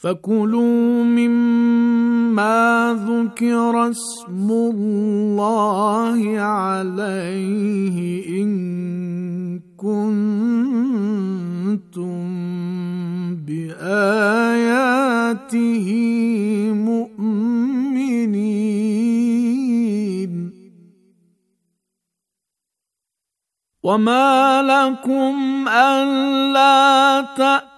فكلوا مما ذكر اسم الله عليه ان كنتم باياته مؤمنين وما لكم الا تاتوا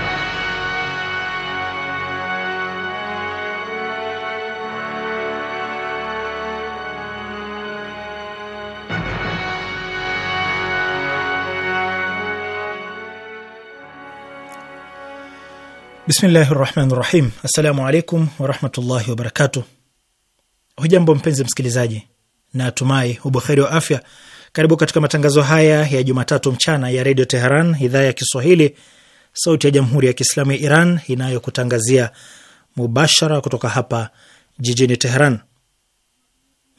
Bismillahi rahmani rahim. Assalamu alaikum warahmatullahi wabarakatu. Hujambo mpenzi msikilizaji, na tumai ubuheri wa afya. Karibu katika matangazo haya ya Jumatatu mchana ya redio Teheran, idhaa ya Kiswahili, sauti ya jamhuri ya kiislamu ya Iran inayokutangazia mubashara kutoka hapa jijini Teheran.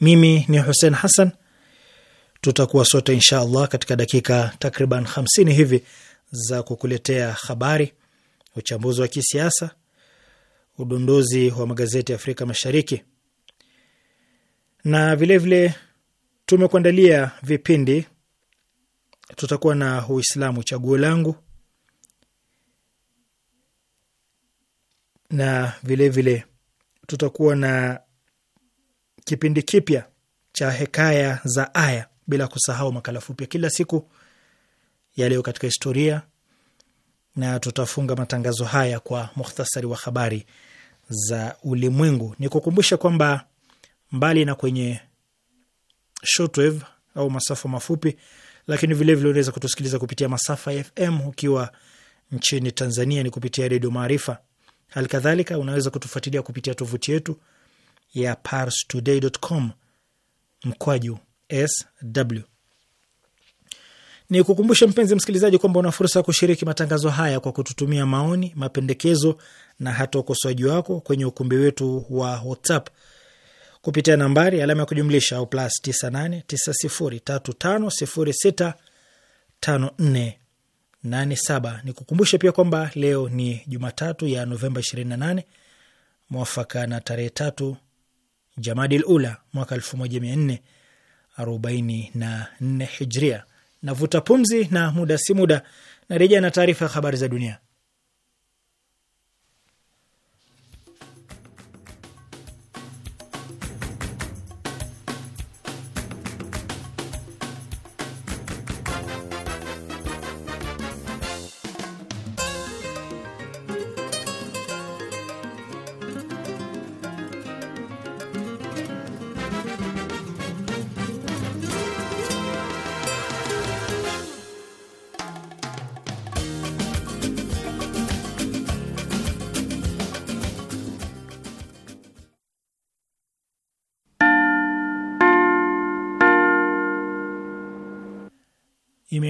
Mimi ni Hussein Hassan. Tutakuwa sote insha allah katika dakika takriban 50 hivi za kukuletea habari uchambuzi wa kisiasa, udondozi wa magazeti ya Afrika Mashariki na vilevile tumekuandalia vipindi. Tutakuwa na Uislamu chaguo langu, na vilevile tutakuwa na kipindi kipya cha hekaya za aya, bila kusahau makala fupi ya kila siku yaliyo katika historia na tutafunga matangazo haya kwa muhtasari wa habari za ulimwengu. Ni kukumbusha kwamba mbali na kwenye shortwave au masafa mafupi, lakini vilevile unaweza kutusikiliza kupitia masafa ya FM ukiwa nchini Tanzania ni kupitia Redio Maarifa. Hali kadhalika unaweza kutufuatilia kupitia tovuti yetu ya parstoday.com mkwaju sw ni kukumbushe mpenzi msikilizaji kwamba una fursa ya kushiriki matangazo haya kwa kututumia maoni, mapendekezo na hata ukosoaji wako kwenye ukumbi wetu wa WhatsApp kupitia nambari alama ya kujumlisha au plus 989035065487. Ni kukumbushe pia kwamba leo ni Jumatatu ya Novemba 28 mwafaka na tarehe tatu Jamadil Ula mwaka 1444 Hijria. Navuta pumzi na muda si muda narejea na taarifa ya habari za dunia.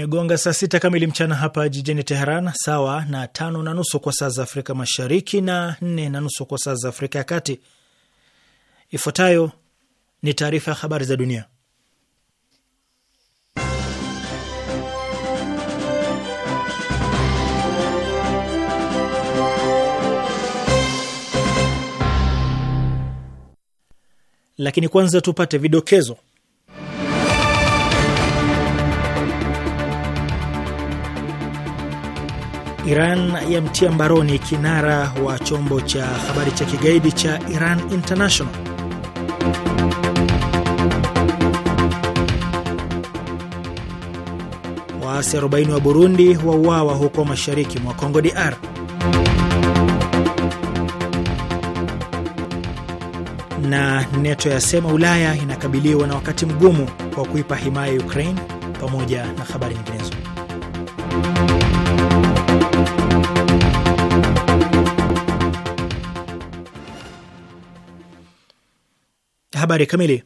Imegonga saa sita kamili mchana hapa jijini Teheran, sawa na tano na nusu kwa saa za Afrika Mashariki na nne na nusu kwa saa za Afrika ya Kati. Ifuatayo ni taarifa ya habari za dunia, lakini kwanza tupate vidokezo Iran yamtia mbaroni kinara wa chombo cha habari cha kigaidi cha Iran International. Waasi 40 wa Burundi wauawa huko mashariki mwa Kongo DR. Na NATO yasema Ulaya inakabiliwa na wakati mgumu kwa kuipa himaya Ukraine, pamoja na habari nyinginezo. Habari kamili.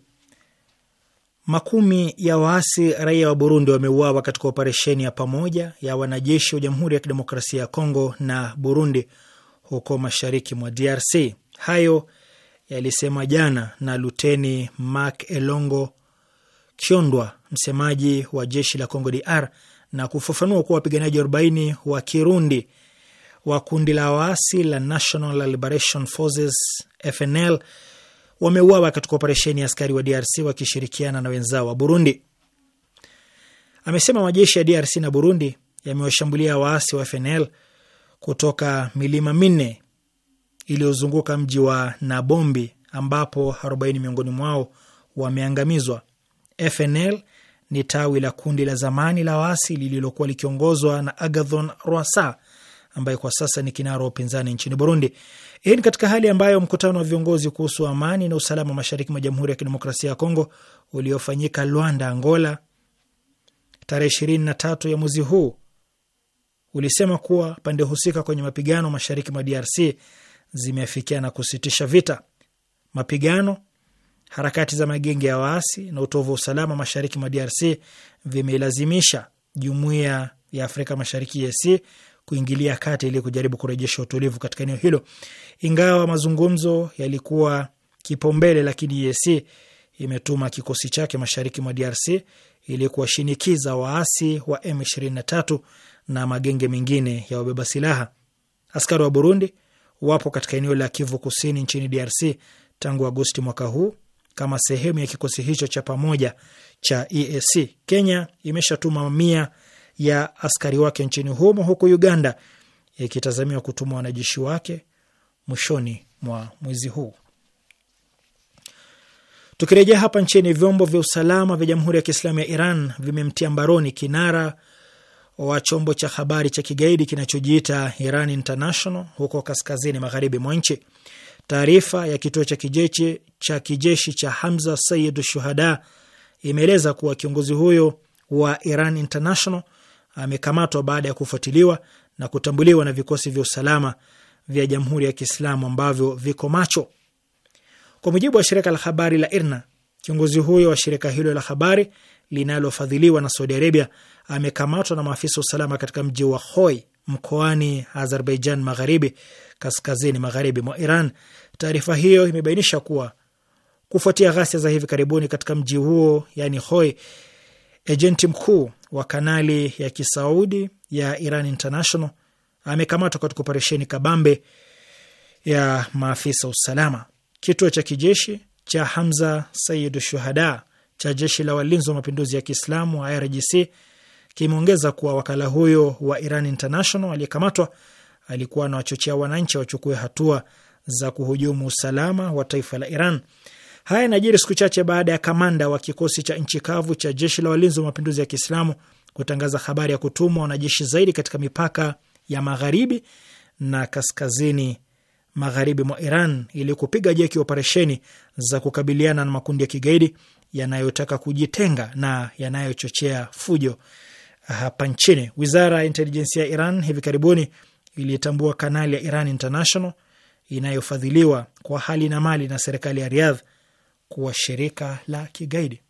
Makumi ya waasi raia wa Burundi wameuawa katika operesheni ya pamoja ya wanajeshi wa Jamhuri ya Kidemokrasia ya Kongo na Burundi huko mashariki mwa DRC. Hayo yalisema jana na Luteni Mark Elongo Kyondwa, msemaji wa jeshi la Kongo DR, na kufafanua kuwa wapiganaji 40 wa Kirundi wa kundi la waasi la National Liberation Forces FNL wameuawa katika operesheni ya askari wa DRC wakishirikiana na wenzao wa Burundi. Amesema majeshi ya DRC na Burundi yamewashambulia waasi wa FNL kutoka milima minne iliyozunguka mji wa Nabombi ambapo 40 miongoni mwao wameangamizwa. FNL ni tawi la kundi la zamani la waasi lililokuwa likiongozwa na Agathon Rwasa ambaye kwa sasa ni kinara wa upinzani nchini Burundi. Hii ni katika hali ambayo mkutano wa viongozi kuhusu amani na usalama mashariki mwa Jamhuri ya Kidemokrasia ya Kongo uliofanyika Luanda, Angola, tarehe ishirini na tatu ya mwezi huu ulisema kuwa pande husika kwenye mapigano mashariki mwa DRC na kusitisha vita. Mapigano, harakati za magenge ya waasi na utovu wa usalama mashariki mwa DRC vimeilazimisha Jumuiya ya Afrika Mashariki EAC kuingilia kati ili kujaribu kurejesha utulivu katika eneo hilo. Ingawa mazungumzo yalikuwa kipaumbele, lakini EAC imetuma kikosi chake mashariki mwa DRC ili kuwashinikiza waasi wa M23 na magenge mengine ya wabeba silaha. Askari wa Burundi wapo katika eneo la Kivu Kusini nchini DRC tangu Agosti mwaka huu kama sehemu ya kikosi hicho cha pamoja cha EAC. Kenya imeshatuma mamia ya askari wake nchini humo, huku Uganda ikitazamiwa kutuma wanajeshi wake mwishoni mwa mwezi huu. Tukirejea hapa nchini, vyombo vya usalama vya Jamhuri ya Kiislamu ya Iran vimemtia mbaroni kinara wa chombo cha habari cha kigaidi kinachojiita Iran International huko kaskazini magharibi mwa nchi. Taarifa ya kituo cha kijeshi cha kijeshi cha Hamza Sayid Shuhada imeeleza kuwa kiongozi huyo wa Iran International amekamatwa baada ya kufuatiliwa na kutambuliwa na vikosi vya usalama vya Jamhuri ya Kiislamu ambavyo viko macho. Kwa mujibu wa shirika la habari la IRNA, kiongozi huyo wa shirika hilo la habari linalofadhiliwa na Saudi Arabia amekamatwa na maafisa wa usalama katika mji wa Hoi mkoani Azerbaijan Magharibi, kaskazini magharibi mwa Iran. Taarifa hiyo imebainisha kuwa kufuatia ghasia za hivi karibuni katika mji huo, yani Hoi, ejenti mkuu wa kanali ya kisaudi ya Iran International amekamatwa katika operesheni kabambe ya maafisa usalama. Kituo cha kijeshi cha Hamza said Shuhada cha jeshi la walinzi wa mapinduzi ya Kiislamu wa IRGC kimeongeza kuwa wakala huyo wa Iran International aliyekamatwa alikuwa anawachochea wananchi wachukue hatua za kuhujumu usalama wa taifa la Iran. Haya yanajiri siku chache baada ya kamanda wa kikosi cha nchi kavu cha jeshi la walinzi wa mapinduzi ya Kiislamu kutangaza habari ya kutumwa wanajeshi zaidi katika mipaka ya magharibi na kaskazini magharibi mwa Iran ili kupiga jeki operesheni za kukabiliana na makundi ya kigaidi yanayotaka kujitenga na yanayochochea fujo hapa nchini. Wizara ya intelijensia ya Iran hivi karibuni ilitambua kanali ya Iran International inayofadhiliwa kwa hali na mali na serikali ya Riyadh kuwa shirika la kigaidi.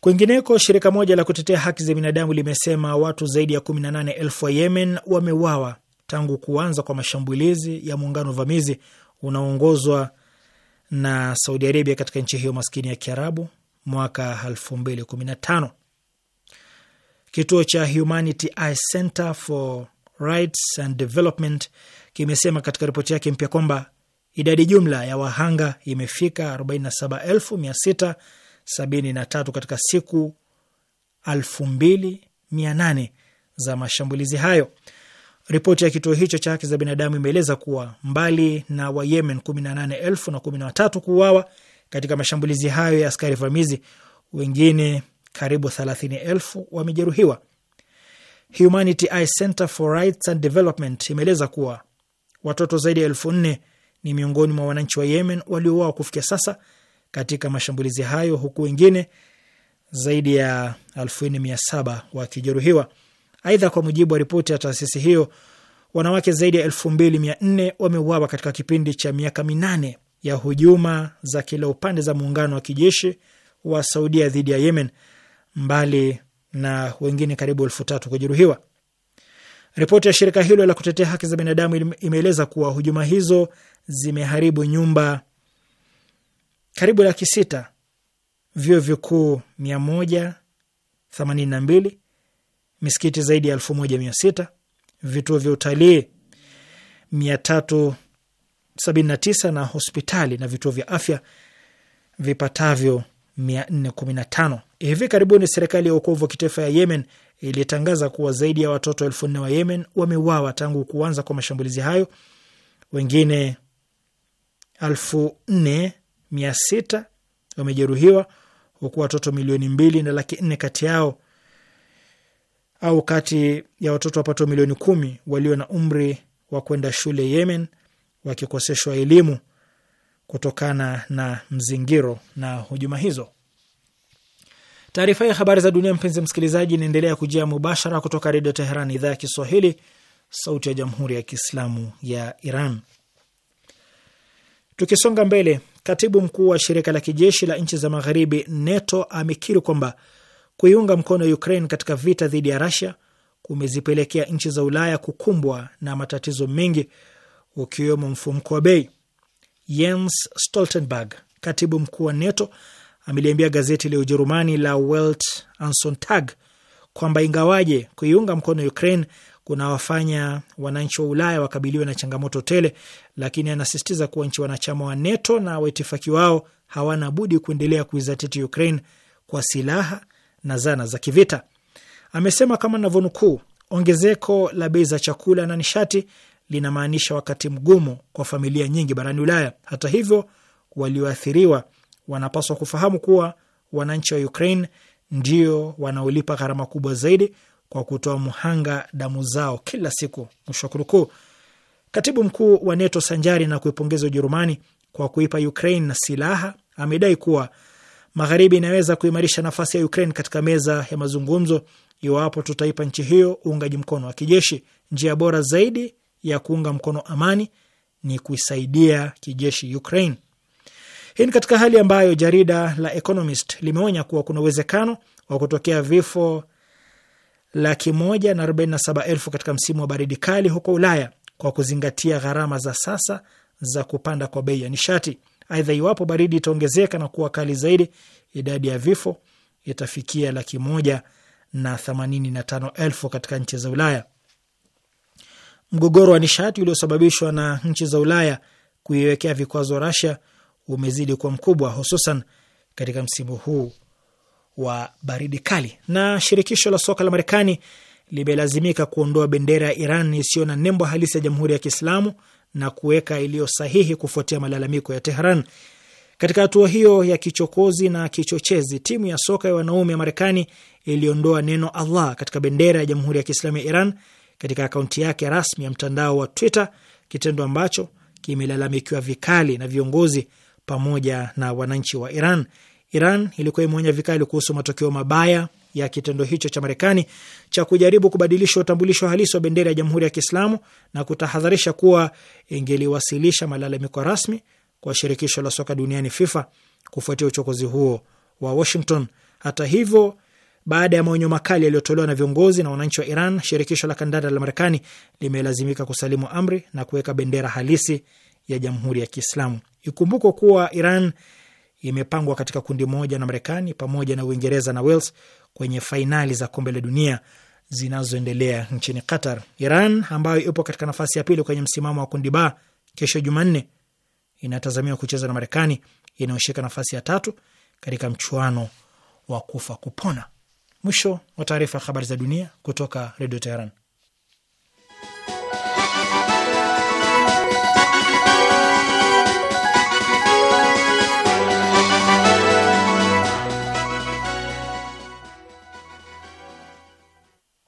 Kwingineko, shirika moja la kutetea haki za binadamu limesema watu zaidi ya 18,000 wa Yemen wamewawa tangu kuanza kwa mashambulizi ya muungano vamizi unaoongozwa na Saudi Arabia katika nchi hiyo maskini ya Kiarabu mwaka 2015. Kituo cha Humanity Eye Center for Rights and Development kimesema katika ripoti yake mpya kwamba Idadi jumla ya wahanga imefika 47673 katika siku 2800 za mashambulizi hayo. Ripoti ya kituo hicho cha haki za binadamu imeeleza kuwa mbali na Wayemen 18,013 kuuawa katika mashambulizi hayo ya askari vamizi, wengine karibu 30,000 wamejeruhiwa. Humanity Eye Center for Rights and Development imeeleza kuwa watoto zaidi ya elfu nne ni miongoni mwa wananchi wa Yemen waliouawa kufikia sasa katika mashambulizi hayo, huku wengine zaidi ya 1700 wakijeruhiwa. Aidha, kwa mujibu wa ripoti ya taasisi hiyo, wanawake zaidi ya 2400 wameuawa katika kipindi cha miaka minane ya hujuma za kila upande za muungano wa kijeshi wa Saudia dhidi ya Yemen, mbali na wengine karibu elfu tatu kujeruhiwa. Ripoti ya shirika hilo la kutetea haki za binadamu imeeleza kuwa hujuma hizo zimeharibu nyumba karibu laki sita, vyuo vikuu mia moja themanini na mbili, misikiti zaidi ya elfu moja mia sita, vituo vya utalii mia tatu sabini na tisa na hospitali na vituo vya afya vipatavyo mia nne kumi na tano. Hivi karibuni serikali ya uokovu wa kitaifa ya Yemen ilitangaza kuwa zaidi ya watoto elfu nne wa Yemen wameuawa tangu kuanza kwa mashambulizi hayo, wengine elfu nne mia sita wamejeruhiwa huku watoto milioni mbili na laki nne kati yao au kati ya watoto wapato milioni kumi walio na umri wa kwenda shule Yemen wakikoseshwa elimu kutokana na mzingiro na hujuma hizo. Taarifa ya habari za dunia, mpenzi msikilizaji, inaendelea kujia mubashara kutoka Redio Teheran, idhaa ya Kiswahili, sauti ya jamhuri ya kiislamu ya Iran. Tukisonga mbele, katibu mkuu wa shirika la kijeshi la nchi za magharibi NATO amekiri kwamba kuiunga mkono Ukraine katika vita dhidi ya Russia kumezipelekea nchi za Ulaya kukumbwa na matatizo mengi ukiwemo mfumko wa bei. Jens Stoltenberg, katibu mkuu wa NATO, ameliambia gazeti la Ujerumani la Welt ansontag kwamba ingawaje kuiunga mkono Ukraine kunawafanya wananchi wa Ulaya wakabiliwe na changamoto tele, lakini anasisitiza kuwa nchi wanachama wa NATO na waitifaki wao hawana budi kuendelea kuizatiti Ukraine kwa silaha na zana za kivita. Amesema kama navyonukuu, ongezeko la bei za chakula na nishati linamaanisha wakati mgumu kwa familia nyingi barani Ulaya. Hata hivyo, walioathiriwa wanapaswa kufahamu kuwa wananchi wa Ukraine ndio wanaolipa gharama kubwa zaidi kwa kutoa muhanga damu zao kila siku, mwisho wa kunukuu. Katibu mkuu wa NATO sanjari na kuipongeza Ujerumani kwa kuipa Ukraine na silaha amedai kuwa Magharibi inaweza kuimarisha nafasi ya Ukraine katika meza ya mazungumzo iwapo tutaipa nchi hiyo uungaji mkono wa kijeshi. Njia bora zaidi ya kuunga mkono amani ni kuisaidia kijeshi Ukraine. Hii ni katika hali ambayo jarida la Economist limeonya kuwa kuna uwezekano wa kutokea vifo laki moja na arobaini na saba elfu katika msimu wa baridi kali huko Ulaya kwa kuzingatia gharama za sasa za kupanda kwa bei ya nishati. Aidha, iwapo baridi itaongezeka na kuwa kali zaidi, idadi ya vifo itafikia laki moja na themanini na tano elfu katika nchi za Ulaya. Mgogoro wa nishati uliosababishwa na nchi za Ulaya kuiwekea vikwazo rasia umezidi kuwa mkubwa, hususan katika msimu huu wa baridi kali. Na shirikisho la soka la Marekani limelazimika kuondoa bendera ya Iran isiyo na nembo halisi ya Jamhuri ya Kiislamu na kuweka iliyo sahihi kufuatia malalamiko ya Tehran. Katika hatua hiyo ya kichokozi na kichochezi, timu ya soka ya wanaume ya Marekani iliondoa neno Allah katika bendera ya Jamhuri ya Kiislamu ya Iran katika akaunti yake rasmi ya mtandao wa Twitter, kitendo ambacho kimelalamikiwa vikali na viongozi pamoja na wananchi wa Iran. Iran ilikuwa imeonya vikali kuhusu matokeo mabaya ya kitendo hicho cha Marekani cha kujaribu kubadilisha utambulisho halisi wa bendera ya Jamhuri ya Kiislamu na kutahadharisha kuwa ingeliwasilisha malalamiko rasmi kwa shirikisho la soka duniani FIFA kufuatia uchokozi huo wa Washington. Hata hivyo, baada ya maonyo makali yaliyotolewa na viongozi na wananchi wa Iran, shirikisho la kandanda la Marekani limelazimika kusalimu amri na kuweka bendera halisi ya Jamhuri ya Kiislamu. Ikumbukwe kuwa Iran imepangwa katika kundi moja na Marekani pamoja na Uingereza na Wales kwenye fainali za kombe la dunia zinazoendelea nchini Qatar. Iran ambayo ipo katika nafasi ya pili kwenye msimamo wa kundi ba, kesho Jumanne inatazamiwa kucheza na Marekani inayoshika nafasi ya tatu katika mchuano wa kufa kupona. Mwisho wa taarifa ya habari za dunia kutoka Redio Teheran.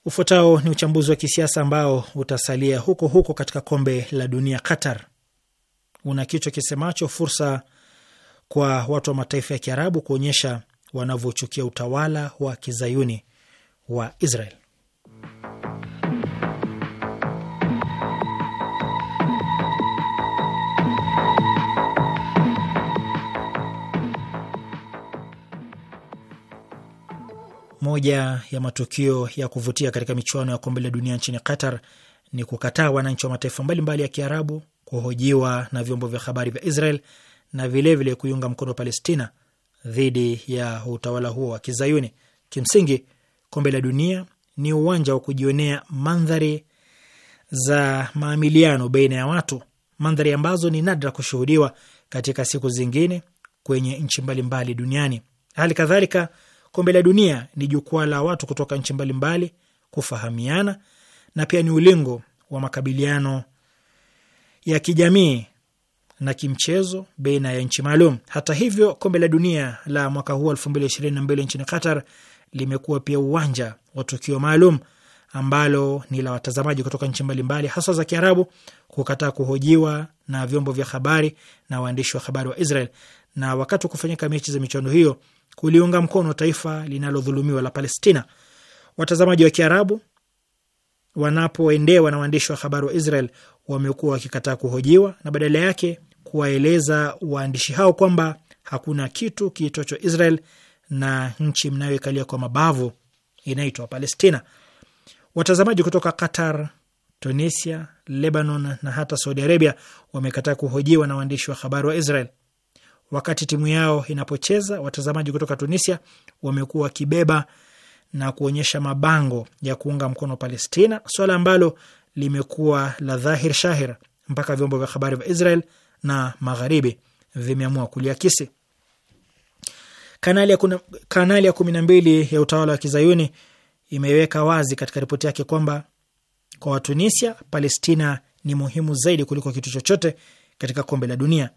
Ufuatao ni uchambuzi wa kisiasa ambao utasalia huko huko katika kombe la dunia Qatar. Una kichwa kisemacho fursa kwa watu wa mataifa ya Kiarabu kuonyesha wanavyochukia utawala wa kizayuni wa Israel. Moja ya matukio ya kuvutia katika michuano ya kombe la dunia nchini Qatar ni kukataa wananchi wa mataifa mbalimbali ya Kiarabu kuhojiwa na vyombo vya habari vya Israel na vilevile vile kuiunga mkono Palestina dhidi ya utawala huo wa Kizayuni. Kimsingi, kombe la dunia ni uwanja wa kujionea mandhari za maamiliano baina ya watu, mandhari ambazo ni nadra kushuhudiwa katika siku zingine kwenye nchi mbalimbali duniani. Hali kadhalika Kombe la Dunia ni jukwaa la watu kutoka nchi mbalimbali kufahamiana na pia ni ulingo wa makabiliano ya kijamii na kimchezo baina ya nchi maalum. Hata hivyo, kombe la dunia la mwaka huu elfu mbili ishirini na mbili nchini Qatar limekuwa pia uwanja wa tukio maalum ambalo ni la watazamaji kutoka nchi mbalimbali hasa za Kiarabu kukataa kuhojiwa na vyombo vya habari na waandishi wa habari wa Israel. Na wakati wa kufanyika mechi za michuano hiyo kuliunga mkono taifa linalodhulumiwa la Palestina. Watazamaji wa Kiarabu wanapoendewa na waandishi wa habari wa Israel wamekuwa wakikataa kuhojiwa na badala yake kuwaeleza waandishi hao kwamba hakuna kitu kiitwacho Israel na nchi mnayoikalia kwa mabavu inaitwa Palestina. Watazamaji kutoka Qatar, Tunisia, Lebanon na hata Saudi Arabia wamekataa kuhojiwa na waandishi wa habari wa Israel wakati timu yao inapocheza, watazamaji kutoka Tunisia wamekuwa wakibeba na kuonyesha mabango ya kuunga mkono Palestina, swala ambalo limekuwa la dhahir shahir mpaka vyombo vya habari vya Israel na magharibi vimeamua kuliakisi. Kanali ya kumi na mbili ya utawala wa kizayuni imeweka wazi katika ripoti yake kwamba kwa Watunisia, Palestina ni muhimu zaidi kuliko kitu chochote katika kombe la dunia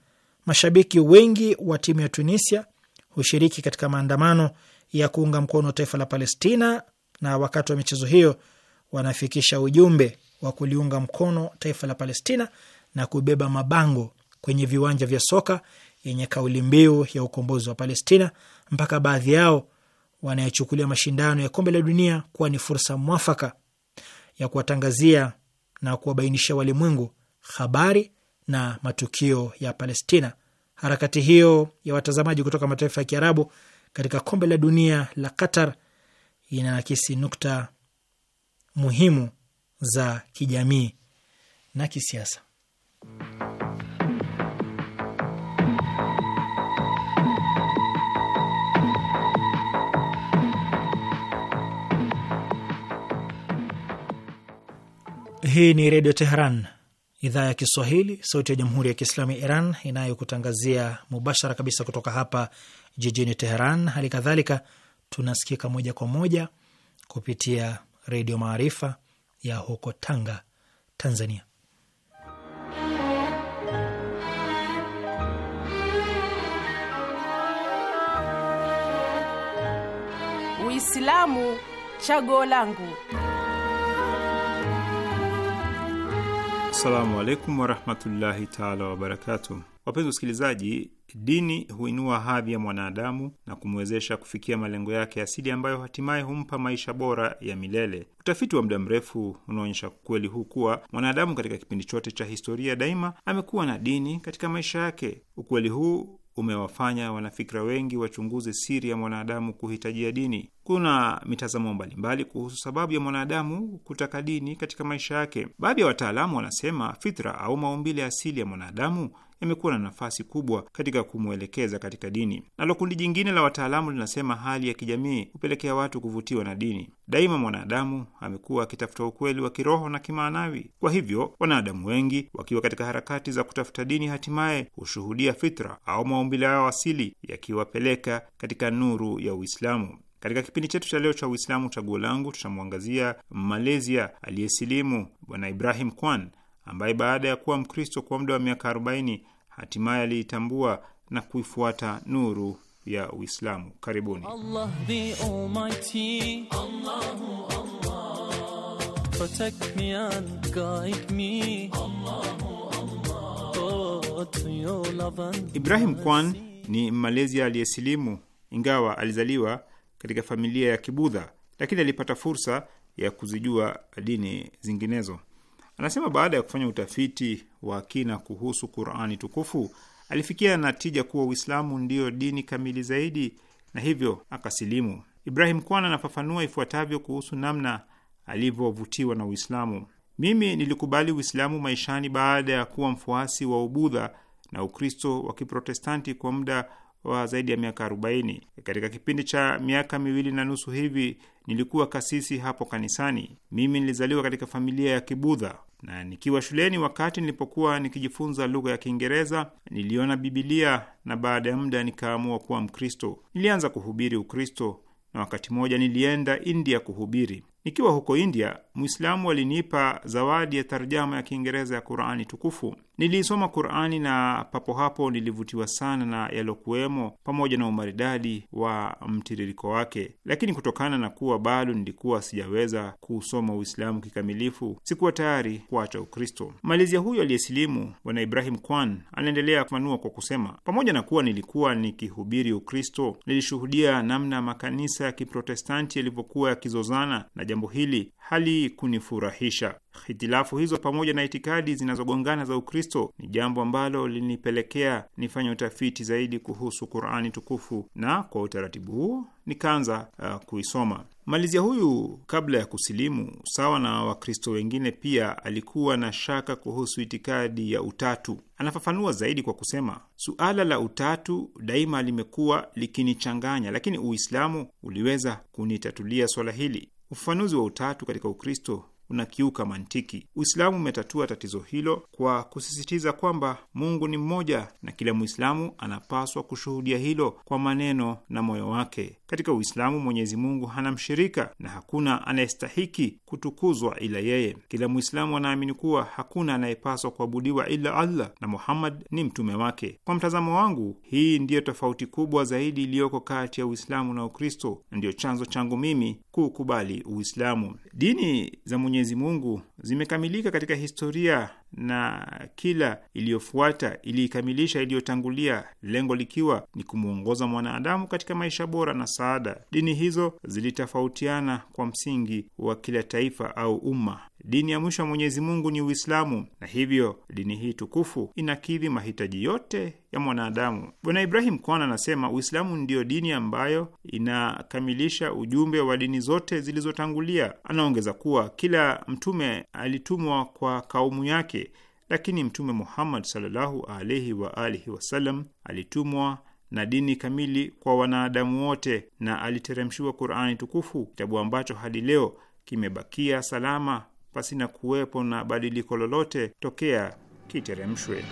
mashabiki wengi wa timu ya Tunisia hushiriki katika maandamano ya kuunga mkono taifa la Palestina, na wakati wa michezo hiyo wanafikisha ujumbe wa kuliunga mkono taifa la Palestina na kubeba mabango kwenye viwanja vya soka yenye kauli mbiu ya ukombozi wa Palestina, mpaka baadhi yao wanayechukulia mashindano ya kombe la dunia kuwa ni fursa mwafaka ya kuwatangazia na kuwabainishia walimwengu habari na matukio ya Palestina. Harakati hiyo ya watazamaji kutoka mataifa ya Kiarabu katika kombe la dunia la Qatar inaakisi nukta muhimu za kijamii na kisiasa. Hii ni Redio Teheran, idhaa ya Kiswahili, sauti ya jamhuri ya kiislamu ya Iran inayokutangazia mubashara kabisa kutoka hapa jijini Teheran. Hali kadhalika tunasikika moja kwa moja kupitia Redio Maarifa ya huko Tanga, Tanzania. Uislamu chaguo langu. Assalamu alaikum warahmatullahi taala wabarakatu. Wapenzi wasikilizaji, dini huinua hadhi ya mwanadamu na kumwezesha kufikia malengo yake asili ambayo hatimaye humpa maisha bora ya milele. Utafiti wa muda mrefu unaonyesha ukweli huu kuwa mwanadamu katika kipindi chote cha historia daima amekuwa na dini katika maisha yake. Ukweli huu umewafanya wanafikira wengi wachunguze siri ya mwanadamu kuhitajia dini. Kuna mitazamo mbalimbali kuhusu sababu ya mwanadamu kutaka dini katika maisha yake. Baadhi ya wataalamu wanasema fitra au maumbile asili ya mwanadamu imekuwa na nafasi kubwa katika kumwelekeza katika dini. Nalo kundi jingine la wataalamu linasema hali ya kijamii hupelekea watu kuvutiwa na dini. Daima mwanadamu amekuwa akitafuta ukweli wa kiroho na kimaanawi. Kwa hivyo, wanadamu wengi wakiwa katika harakati za kutafuta dini, hatimaye hushuhudia fitra au maumbile yao asili yakiwapeleka katika nuru ya Uislamu. Katika kipindi chetu cha leo cha Uislamu Chaguo Langu, tutamwangazia Malaysia aliyesilimu Bwana Ibrahim Kwan ambaye baada ya kuwa Mkristo kwa muda wa miaka 40 hatimaye aliitambua na kuifuata nuru ya Uislamu. Karibuni. Allah the Almighty, Allahu Allah, protect me and guide me, Allahu Allah, oh, to your love and... Ibrahim Kwan ni Malaysia aliyesilimu, ingawa alizaliwa katika familia ya Kibudha, lakini alipata fursa ya kuzijua dini zinginezo. Anasema baada ya kufanya utafiti wa kina kuhusu Qurani tukufu alifikia natija kuwa Uislamu ndiyo dini kamili zaidi na hivyo akasilimu. Ibrahim Kwana anafafanua ifuatavyo kuhusu namna alivyovutiwa na Uislamu. Mimi nilikubali Uislamu maishani baada ya kuwa mfuasi wa Ubudha na Ukristo wa Kiprotestanti kwa muda wa zaidi ya miaka 40. Katika kipindi cha miaka miwili na nusu hivi nilikuwa kasisi hapo kanisani. Mimi nilizaliwa katika familia ya Kibudha na nikiwa shuleni, wakati nilipokuwa nikijifunza lugha ya Kiingereza, niliona Bibilia na baada ya muda nikaamua kuwa Mkristo. Nilianza kuhubiri Ukristo na wakati mmoja nilienda India kuhubiri. Nikiwa huko India muislamu alinipa zawadi ya tarjama ya Kiingereza ya Qurani tukufu. Niliisoma Qurani na papo hapo nilivutiwa sana na yalokuwemo, pamoja na umaridadi wa mtiririko wake. Lakini kutokana na kuwa bado nilikuwa sijaweza kuusoma Uislamu kikamilifu, sikuwa tayari kuacha Ukristo. Malizia huyo aliyesilimu, Bwana Ibrahim Kwan, anaendelea kufanua kwa kusema, pamoja na kuwa nilikuwa nikihubiri Ukristo, nilishuhudia namna makanisa ya Kiprotestanti yalivyokuwa yakizozana, na jambo hili hali hii kunifurahisha. Hitilafu hizo pamoja na itikadi zinazogongana za Ukristo ni jambo ambalo linipelekea nifanye utafiti zaidi kuhusu Qurani tukufu na kwa utaratibu huo nikaanza uh, kuisoma. Malizia huyu kabla ya kusilimu, sawa na Wakristo wengine, pia alikuwa na shaka kuhusu itikadi ya utatu. Anafafanua zaidi kwa kusema, suala la utatu daima limekuwa likinichanganya, lakini Uislamu uliweza kunitatulia swala hili. Ufafanuzi wa utatu katika Ukristo unakiuka mantiki. Uislamu umetatua tatizo hilo kwa kusisitiza kwamba Mungu ni mmoja na kila Mwislamu anapaswa kushuhudia hilo kwa maneno na moyo wake. Katika Uislamu Mwenyezi Mungu hana mshirika na hakuna anayestahiki kutukuzwa ila yeye. Kila Mwislamu anaamini kuwa hakuna anayepaswa kuabudiwa ila Allah na Muhammad ni mtume wake. Kwa mtazamo wangu, hii ndiyo tofauti kubwa zaidi iliyoko kati ya Uislamu na Ukristo na ndiyo chanzo changu mimi kuukubali Uislamu. Dini za Mwenyezi Mwenyezi Mungu zimekamilika katika historia na kila iliyofuata iliikamilisha iliyotangulia, lengo likiwa ni kumwongoza mwanadamu katika maisha bora na saada. Dini hizo zilitofautiana kwa msingi wa kila taifa au umma. Dini ya mwisho ya Mwenyezi Mungu ni Uislamu, na hivyo dini hii tukufu inakidhi mahitaji yote ya mwanadamu. Bwana Ibrahim Kwan anasema Uislamu ndiyo dini ambayo inakamilisha ujumbe wa dini zote zilizotangulia. Anaongeza kuwa kila mtume alitumwa kwa kaumu yake lakini Mtume Muhammad sallallahu alaihi wa alihi wasallam alitumwa na dini kamili kwa wanadamu wote na aliteremshiwa Qurani tukufu, kitabu ambacho hadi leo kimebakia salama pasi na kuwepo na badiliko lolote tokea kiteremshwe.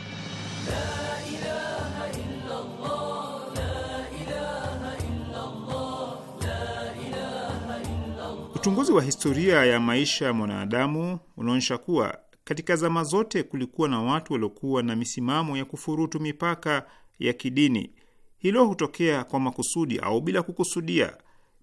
Uchunguzi wa historia ya maisha ya mwanadamu unaonyesha kuwa katika zama zote kulikuwa na watu waliokuwa na misimamo ya kufurutu mipaka ya kidini. Hilo hutokea kwa makusudi au bila kukusudia.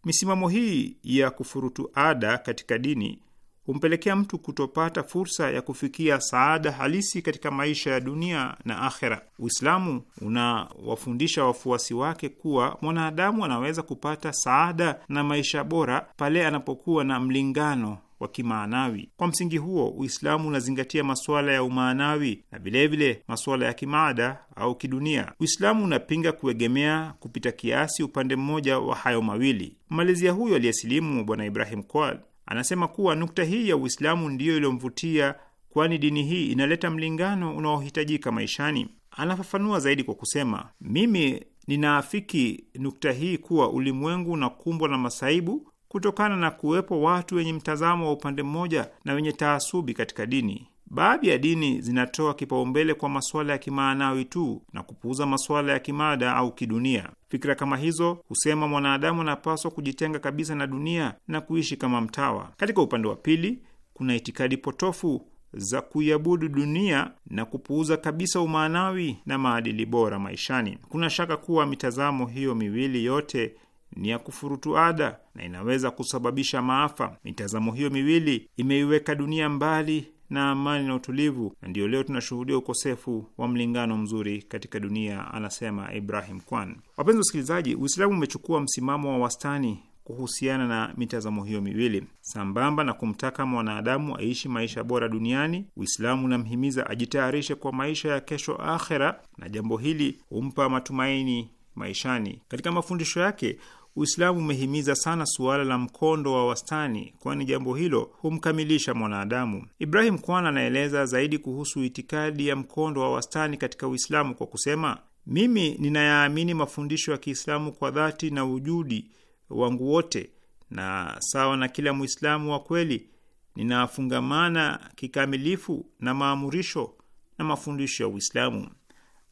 Misimamo hii ya kufurutu ada katika dini humpelekea mtu kutopata fursa ya kufikia saada halisi katika maisha ya dunia na akhera. Uislamu unawafundisha wafuasi wake kuwa mwanadamu anaweza kupata saada na maisha bora pale anapokuwa na mlingano wa kimaanawi. Kwa msingi huo, Uislamu unazingatia masuala ya umaanawi na vilevile masuala ya kimaada au kidunia. Uislamu unapinga kuegemea kupita kiasi upande mmoja wa hayo mawili. Malezia huyo aliyesilimu Bwana Ibrahim Kwal anasema kuwa nukta hii ya Uislamu ndiyo iliyomvutia, kwani dini hii inaleta mlingano unaohitajika maishani. Anafafanua zaidi kwa kusema, mimi ninaafiki nukta hii kuwa ulimwengu unakumbwa na masaibu kutokana na kuwepo watu wenye mtazamo wa upande mmoja na wenye taasubi katika dini. Baadhi ya dini zinatoa kipaumbele kwa masuala ya kimaanawi tu na kupuuza masuala ya kimada au kidunia. Fikira kama hizo husema mwanadamu anapaswa kujitenga kabisa na dunia na kuishi kama mtawa. Katika upande wa pili, kuna itikadi potofu za kuiabudu dunia na kupuuza kabisa umaanawi na maadili bora maishani. Kuna shaka kuwa mitazamo hiyo miwili yote ni ya kufurutu ada na inaweza kusababisha maafa. Mitazamo hiyo miwili imeiweka dunia mbali na amani na utulivu, na ndiyo leo tunashuhudia ukosefu wa mlingano mzuri katika dunia, anasema Ibrahim Kwan. Wapenzi wasikilizaji, Uislamu umechukua msimamo wa wastani kuhusiana na mitazamo hiyo miwili. Sambamba na kumtaka mwanadamu aishi maisha bora duniani, Uislamu unamhimiza ajitayarishe kwa maisha ya kesho akhera, na jambo hili humpa matumaini maishani. Katika mafundisho yake Uislamu umehimiza sana suala la mkondo wa wastani, kwani jambo hilo humkamilisha mwanadamu. Ibrahim Kwan anaeleza zaidi kuhusu itikadi ya mkondo wa wastani katika Uislamu kwa kusema, mimi ninayaamini mafundisho ya Kiislamu kwa dhati na ujudi wangu wote, na sawa na kila Muislamu wa kweli ninafungamana kikamilifu na maamurisho na mafundisho ya Uislamu.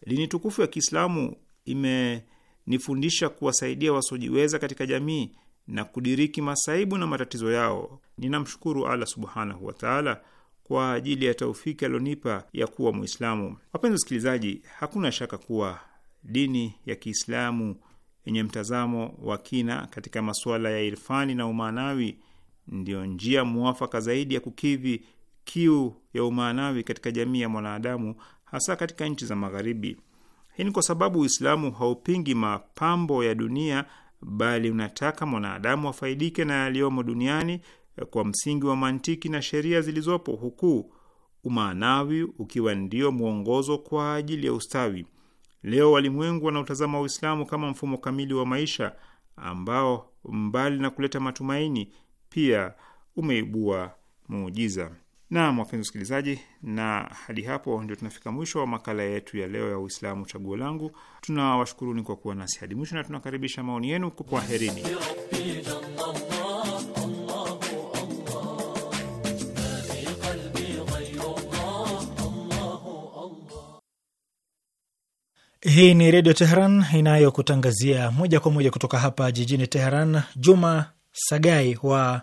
Dini tukufu ya Kiislamu ime nifundisha kuwasaidia wasiojiweza katika jamii na kudiriki masaibu na matatizo yao. Ninamshukuru Allah subhanahu wataala kwa ajili ya taufiki alionipa ya kuwa Muislamu. Wapenzi wasikilizaji, hakuna shaka kuwa dini ya Kiislamu yenye mtazamo wa kina katika masuala ya irfani na umaanawi ndiyo njia muafaka zaidi ya kukidhi kiu ya umaanawi katika jamii ya mwanadamu, hasa katika nchi za Magharibi. Hii ni kwa sababu Uislamu haupingi mapambo ya dunia, bali unataka mwanadamu afaidike na yaliyomo duniani kwa msingi wa mantiki na sheria zilizopo, huku umaanawi ukiwa ndio mwongozo kwa ajili ya ustawi. Leo walimwengu wanaotazama Uislamu kama mfumo kamili wa maisha ambao mbali na kuleta matumaini pia umeibua muujiza. Naam, wapenzi wasikilizaji, na hadi hapo ndio tunafika mwisho wa makala yetu ya leo ya Uislamu Chaguo Langu. Tunawashukuruni kwa kuwa nasi hadi mwisho na tunakaribisha maoni yenu. Kwaherini. Hii ni Redio Teheran inayokutangazia moja kwa moja kutoka hapa jijini Teheran. Juma Sagai wa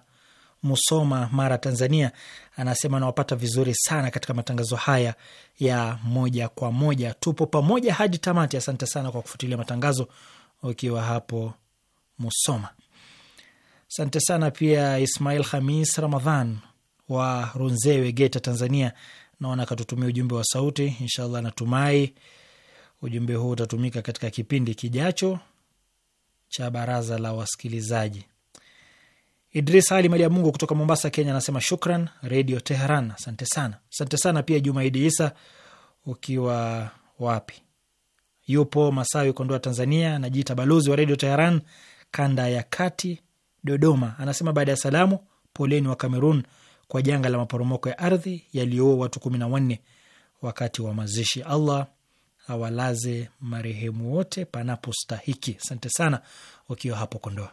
Musoma, Mara, Tanzania, anasema anawapata vizuri sana katika matangazo haya ya moja kwa moja. Tupo pamoja hadi tamati. Asante sana kwa kufuatilia matangazo ukiwa hapo Musoma. Asante sana pia Ismail Hamis Ramadhan wa Runzewe, Geta, Tanzania. Naona akatutumia ujumbe wa sauti. Inshallah, natumai ujumbe huu utatumika katika kipindi kijacho cha baraza la wasikilizaji. Idris Ali Mali ya Mungu kutoka Mombasa, Kenya, anasema shukran Redio Teheran. Asante sana, asante sana pia. Jumaidi Isa, ukiwa wapi? Yupo Masawi, Kondoa, Tanzania. anajiita balozi wa Redio Teheran kanda ya kati, Dodoma. Anasema baada ya salamu, poleni wa Kamerun kwa janga la maporomoko ya ardhi yaliyoua watu kumi na wanne wakati wa mazishi. Allah awalaze marehemu wote panapostahiki. Asante sana, ukiwa hapo Kondoa.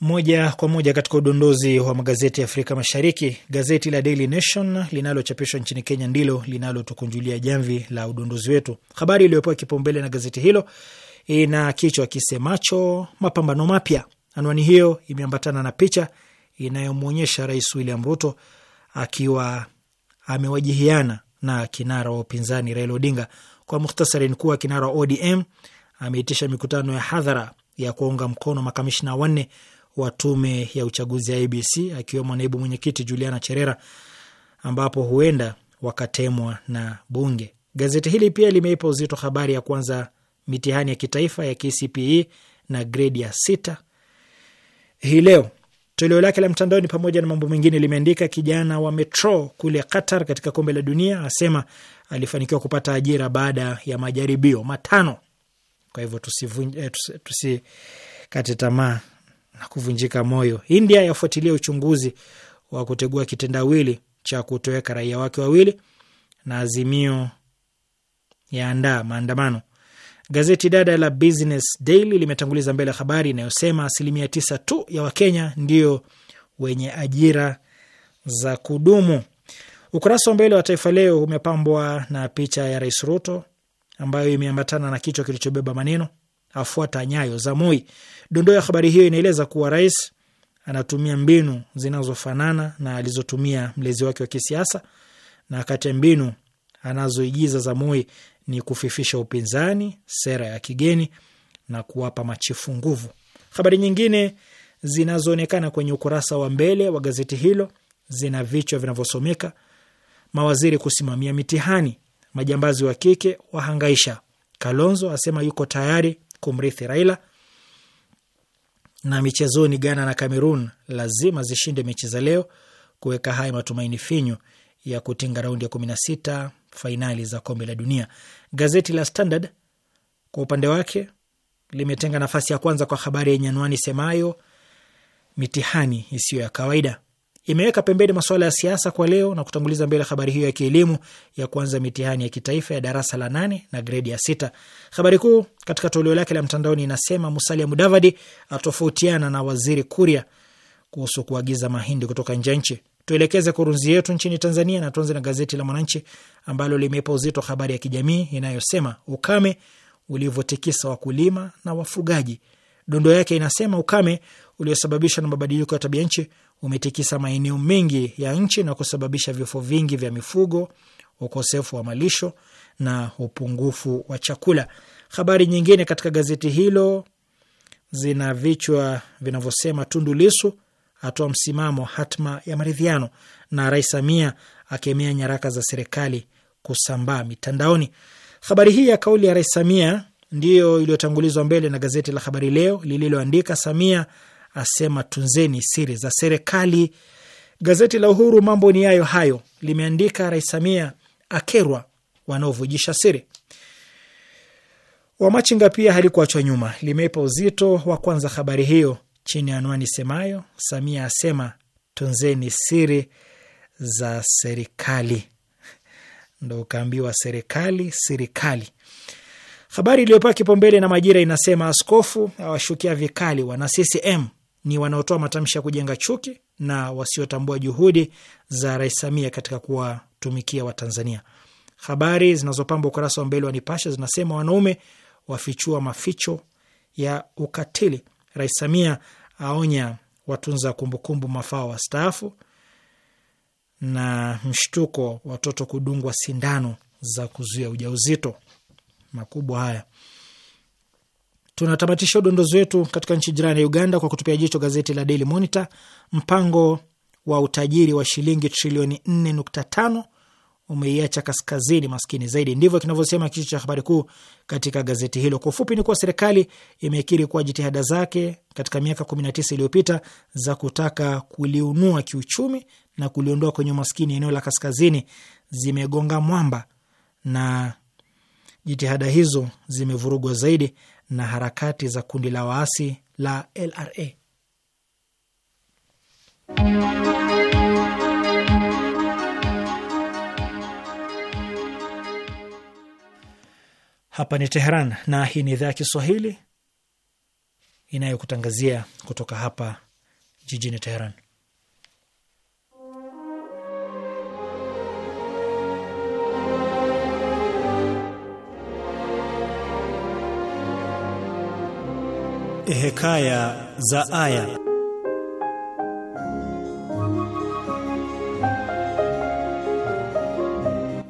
Moja kwa moja katika udondozi wa magazeti ya Afrika Mashariki. Gazeti la Daily Nation linalochapishwa nchini Kenya ndilo linalotukunjulia jamvi la udondozi wetu. Habari iliyopewa kipaumbele na gazeti hilo ina kichwa kisemacho mapambano mapya. Anwani hiyo imeambatana na picha inayomwonyesha Rais William Ruto akiwa amewajihiana na kinara wa upinzani Raila Odinga. Kwa muhtasari, ni wa kinara wa ODM ameitisha mikutano ya hadhara ya kuwaunga mkono makamishna wanne wa tume ya uchaguzi ya ABC akiwemo naibu mwenyekiti Juliana Cherera, ambapo huenda wakatemwa na bunge. Gazeti hili pia limeipa uzito habari ya kwanza mitihani ya kitaifa ya KCPE na gredi ya sita hii leo Toleo lake la mtandaoni pamoja na mambo mengine limeandika kijana wa Metro kule Qatar katika kombe la dunia asema alifanikiwa kupata ajira baada ya majaribio matano. Kwa hivyo eh, tusikate tusi, tusi tamaa na kuvunjika moyo. India yafuatilia uchunguzi wa kutegua kitendawili cha kutoweka raia wake wawili, na Azimio yaandaa maandamano Gazeti dada la Business Daily limetanguliza mbele habari inayosema asilimia tisa tu ya Wakenya ndio wenye ajira za kudumu. Ukurasa wa mbele wa Taifa Leo umepambwa na picha ya Rais Ruto ambayo imeambatana na kichwa kilichobeba maneno afuata nyayo za Moi. Dondoo ya habari hiyo inaeleza kuwa rais anatumia mbinu zinazofanana na alizotumia mlezi wake wa kisiasa, na kati ya mbinu anazoigiza za Moi ni kufifisha upinzani, sera ya kigeni na kuwapa machifu nguvu. Habari nyingine zinazoonekana kwenye ukurasa wa mbele wa gazeti hilo zina vichwa vinavyosomeka: mawaziri kusimamia mitihani, majambazi wa kike wahangaisha, Kalonzo asema yuko tayari kumrithi Raila, na michezoni, Ghana na Cameroon lazima zishinde mechi za leo kuweka hai matumaini finyu ya kutinga raundi ya kumi na sita fainali za kombe la dunia. Gazeti la Standard kwa upande wake limetenga nafasi ya kwanza kwa habari yenye anwani semayo mitihani isiyo ya kawaida. Imeweka pembeni masuala ya siasa kwa leo na kutanguliza mbele habari hiyo ya kielimu ya kuanza mitihani ya kitaifa ya darasa la nane na gredi ya sita. Habari kuu katika toleo lake la mtandaoni inasema Musalia Mudavadi atofautiana na waziri Kuria kuhusu kuagiza mahindi kutoka nje ya nchi. Tuelekeze kurunzi yetu nchini Tanzania na tuanze na gazeti la Mwananchi ambalo limeipa uzito habari ya kijamii inayosema ukame ulivyotikisa wakulima na wafugaji. Dondo yake inasema ukame uliosababishwa na mabadiliko ya tabia nchi umetikisa maeneo mengi ya nchi na kusababisha vifo vingi vya mifugo, ukosefu wa malisho na upungufu wa chakula. Habari nyingine katika gazeti hilo zina vichwa vinavyosema Tundu Lisu atoa msimamo hatma ya maridhiano, na Rais Samia akemea nyaraka za serikali kusambaa mitandaoni. Habari hii ya kauli ya Rais Samia ndiyo iliyotangulizwa mbele na gazeti la Habari Leo lililoandika Samia asema tunzeni siri za serikali. Gazeti la Uhuru mambo ni yayo hayo limeandika Rais Samia akerwa wanaovujisha siri. Wamachinga pia halikuachwa nyuma, limeipa uzito wa kwanza habari hiyo chini ya anwani semayo Samia asema tunzeni siri za serikali. Ndo ukaambiwa serikali serikali. Habari iliyopewa kipaumbele na Majira inasema askofu awashukia vikali wana CCM ni wanaotoa matamshi ya kujenga chuki na wasiotambua juhudi za Rais Samia katika kuwatumikia Watanzania. Habari zinazopamba ukurasa wa mbele wa nipasha zinasema wanaume wafichua maficho ya ukatili. Rais Samia aonya watunza kumbukumbu mafao wastaafu, na mshtuko watoto kudungwa sindano za kuzuia ujauzito. Makubwa haya. Tunatamatisha udondozi wetu katika nchi jirani ya Uganda kwa kutupia jicho gazeti la Daily Monitor. Mpango wa utajiri wa shilingi trilioni 4.5 umeiacha kaskazini maskini zaidi. Ndivyo kinavyosema kichwa cha habari kuu katika gazeti hilo. Kwa ufupi, ni kuwa serikali imekiri kuwa jitihada zake katika miaka 19 iliyopita za kutaka kuliunua kiuchumi na kuliondoa kwenye umaskini eneo la kaskazini zimegonga mwamba, na jitihada hizo zimevurugwa zaidi na harakati za kundi la waasi la LRA. Hapa ni Teheran na hii ni idhaa ya Kiswahili inayokutangazia kutoka hapa jijini Teheran. Hekaya za Aya.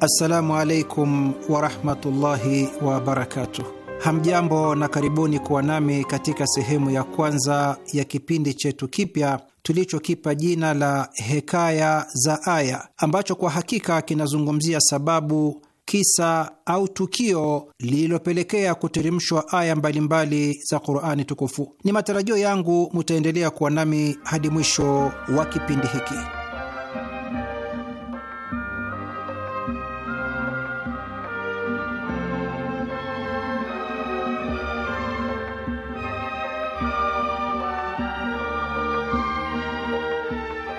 Assalamu alaikum warahmatullahi wabarakatuh. Hamjambo na karibuni kuwa nami katika sehemu ya kwanza ya kipindi chetu kipya tulichokipa jina la Hekaya za Aya, ambacho kwa hakika kinazungumzia sababu, kisa au tukio lililopelekea kuteremshwa aya mbalimbali za Qurani Tukufu. Ni matarajio yangu mutaendelea kuwa nami hadi mwisho wa kipindi hiki.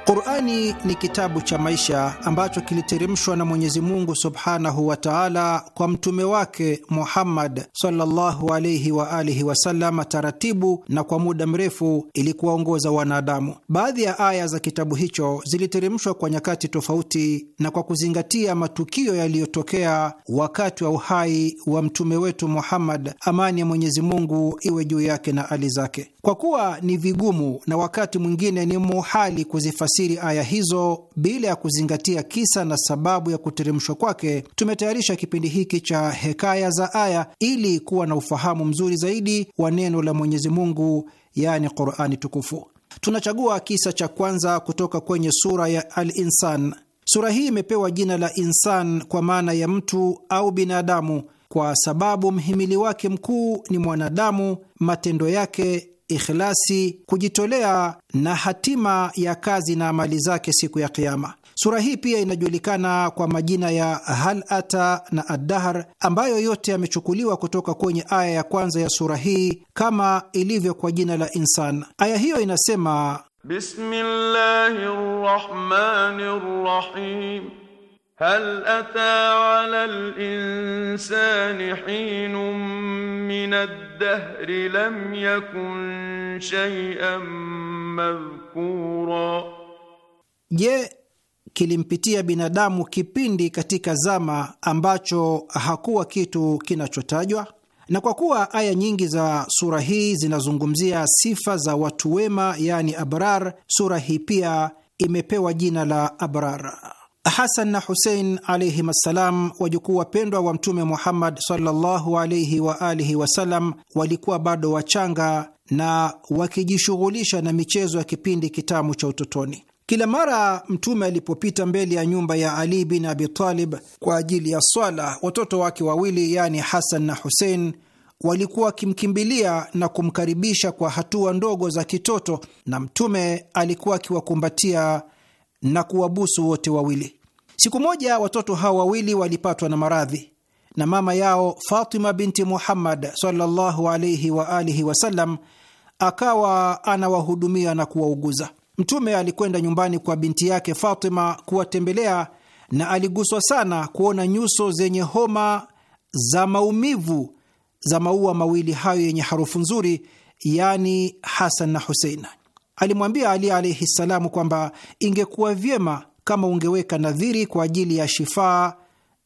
Qurani ni kitabu cha maisha ambacho kiliteremshwa na Mwenyezi Mungu subhanahu wa taala kwa mtume wake Muhammad sallallahu alaihi wa alihi wasallam taratibu na kwa muda mrefu ili kuwaongoza wanadamu. Baadhi ya aya za kitabu hicho ziliteremshwa kwa nyakati tofauti na kwa kuzingatia matukio yaliyotokea wakati wa uhai wa mtume wetu Muhammad, amani ya Mwenyezi Mungu iwe juu yake na ali zake. Kwa kuwa ni vigumu na wakati mwingine ni muhali kuzifasiri aya hizo bila ya kuzingatia kisa na sababu ya kuteremshwa kwake, tumetayarisha kipindi hiki cha hekaya za aya ili kuwa na ufahamu mzuri zaidi wa neno la Mwenyezi Mungu, yaani Qurani Tukufu. Tunachagua kisa cha kwanza kutoka kwenye sura ya Al-Insan. Sura hii imepewa jina la Insan kwa maana ya mtu au binadamu, kwa sababu mhimili wake mkuu ni mwanadamu, matendo yake ikhlasi, kujitolea na hatima ya kazi na amali zake siku ya Kiama. Sura hii pia inajulikana kwa majina ya Halata na Addahar, ambayo yote yamechukuliwa kutoka kwenye aya ya kwanza ya sura hii kama ilivyo kwa jina la insan. Aya hiyo inasema rahim هل أتى على الإنسان حين من الدهر لم يكن شيئا مذكورا Je, kilimpitia binadamu kipindi katika zama ambacho hakuwa kitu kinachotajwa? Na kwa kuwa aya nyingi za sura hii zinazungumzia sifa za watu wema, yaani abrar, sura hii pia imepewa jina la Abrar. Hasan na Husein alaihim assalam, wajukuu wapendwa wa Mtume Muhammad sallallahu alaihi wa alihi wasalam, walikuwa bado wachanga na wakijishughulisha na michezo ya kipindi kitamu cha utotoni. Kila mara Mtume alipopita mbele ya nyumba ya Ali bin Abi Talib kwa ajili ya swala, watoto wake wawili, yaani Hasan na Husein, walikuwa wakimkimbilia na kumkaribisha kwa hatua ndogo za kitoto, na Mtume alikuwa akiwakumbatia na kuwabusu wote wawili. Siku moja watoto hawa wawili walipatwa na maradhi, na mama yao Fatima binti Muhammad sallallahu wa alihi wasallam akawa anawahudumia na kuwauguza. Mtume alikwenda nyumbani kwa binti yake Fatima kuwatembelea, na aliguswa sana kuona nyuso zenye homa za maumivu za maua mawili hayo yenye harufu nzuri, yani Hasan na husein alimwambia Ali alaihi ssalamu kwamba ingekuwa vyema kama ungeweka nadhiri kwa ajili ya shifaa